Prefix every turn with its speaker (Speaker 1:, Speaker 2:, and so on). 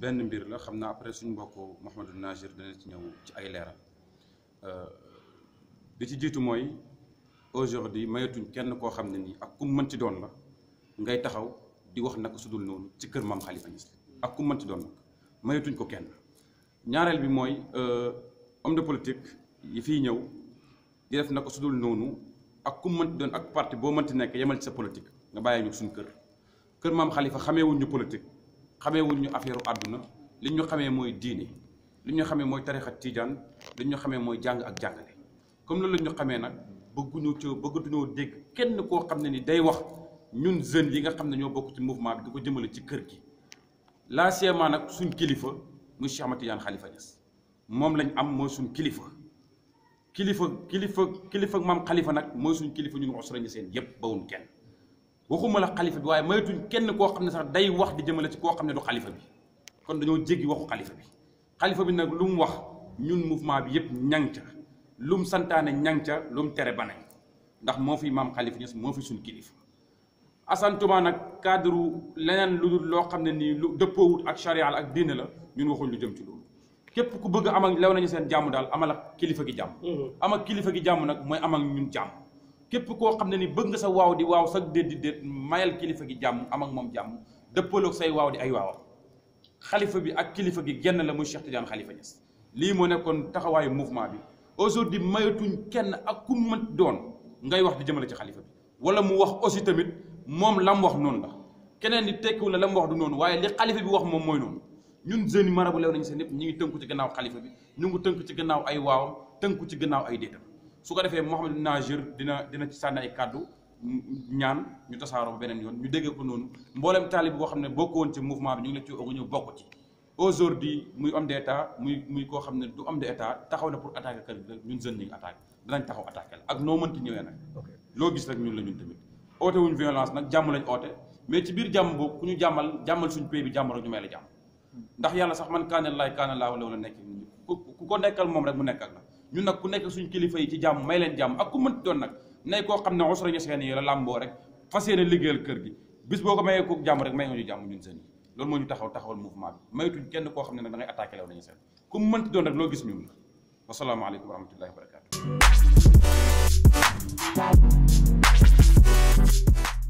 Speaker 1: ben mbir la xam naa après suñu mbokk Mouhamadou Nagir dana ci ñëw ci ay leeral bi ci jiitu mooy aujourd'hui mayatuñ kenn koo xam ne nii ak ku mën ci doon la ngay taxaw di wax naka sudul noonu ci kër maam Khalifa Niass ak ku mën ci doon nag mayatuñ ko kenn ñaareel bi mooy homme de politique yi fiy ñëw di def naka sudul noonu ak ku mën doon ak parti boo mënti nekk yemal ci sa politique nga bàyyi ñu suñu kër kër maam Khalifa xameewuñ ñu politique xamee wuñ ñu affaire àdduna li ñu xamee mooy diine li ñu xamee mooy tarixa tiijaan li ñu xamee mooy jàng ak jàngale comme loolu la ñu xamee nag bëgguñu ci bëggatuñoo dégg kenn koo xam ne ni day wax ñun jeunes yi nga xam ne ñoo bokk ci mouvement bi di ko jëmale ci kër gi laa seemaa nag suñ kilifa muy Cheikh Ahmad Tidiane Khalifa Niass moom lañ am mooy suñ kilifa kilifa kilifa kilifa maam xalifa nag mooy suñ kilifa ñun osra ñi seen yépp bawuñ kenn waxuma la xalifa bi waaye maytuñ kenn koo xam ne sax day wax di jëmale ci koo xam ne du xalifa bi kon dañoo jéggi waxu xalifa bi xalifa bi nag lu mu wax ñun mouvement bi yëpp ñang ca lu mu santaane ñang ca lu mu tere ba nañ ndax moo fi maam xalifa ñes moo fi suñ kilifa Assane Touba nag cadre leneen lu dul loo xam ne nii lu dëppoowut ak charia ak diine la ñun waxuñ lu jëm ci loolu képp ku bëgg am ak lew nañu seen jàmm daal amal ak kilifa gi jàmm am ak kilifa gi jàmm nag mooy am ak ñun jàmm képp koo xam ne ni bëgg nga sa waaw di waaw sax déet di déet mayal kilifa gi jàmm am ak moom jàmm dëppaloog say waaw di ay waawam xalifa bi ak kilifa gi genn la muy Cheikh Tidiane Khalifa Niass lii moo nekkoon taxawaayu mouvement bi aujourd'hui mayatuñ kenn ak ku mën doon ngay wax di jëmale ci xalifa bi wala mu wax aussi tamit moom la mu wax noonu la keneen di tekkiwul la la mu wax du noonu waaye li xalifa bi wax moom mooy noonu ñun jeunes yi marabu lew nañu seen yëpp ñu ngi tënku ci gannaaw xalifa bi ñu ngi tënku ci gannaaw ay waawam tënku ci gannaaw ay déetam su ko defee Mouhamed Nagir dina dina ci sànni ay kàddu ñaan ñu tasaaroo beneen yoon ñu déggee ko noonu mboolem taalib boo xam ne bokkoon ci mouvement bi ñu la ci ogu ñu bokk ci aujourd'hui muy homme d'état muy muy koo xam ne du homme d'état taxaw na pour attaquer kër gi ñun jeunes ñi attaqué danañ taxaw attaqué la ak noo mënti ñëwee nag loo gis rek ñun la ñun tamit oote wuñ violence nag jàmm lañ oote mais ci biir jàmm boobu ku ñu jàmmal jàmmal suñ pays bi jàmm rek ñu may la jàmm hmm. ndax yàlla sax man kaane laay kaane laa wala wala nekk ku ko nekkal moom rek mu nekk ak la ñun nag ku nekk suñu kilifa yi ci jàmm may leen jàmm ak ku mënti doon nag nay koo xam ne usra ñaseen yi la làmboo rek fas yéene liggéeyal kër gi bis boo ko mayee ko jàmm rek may nga ñu jàmm ñun seen loolu moo ñu taxaw taxawal mouvement bi maytuñ kenn koo xam ne nag da ngay attaqué law nañu seen ku mënti doon rek loo gis ñun la wasalaamaaleykum wa wa barakatu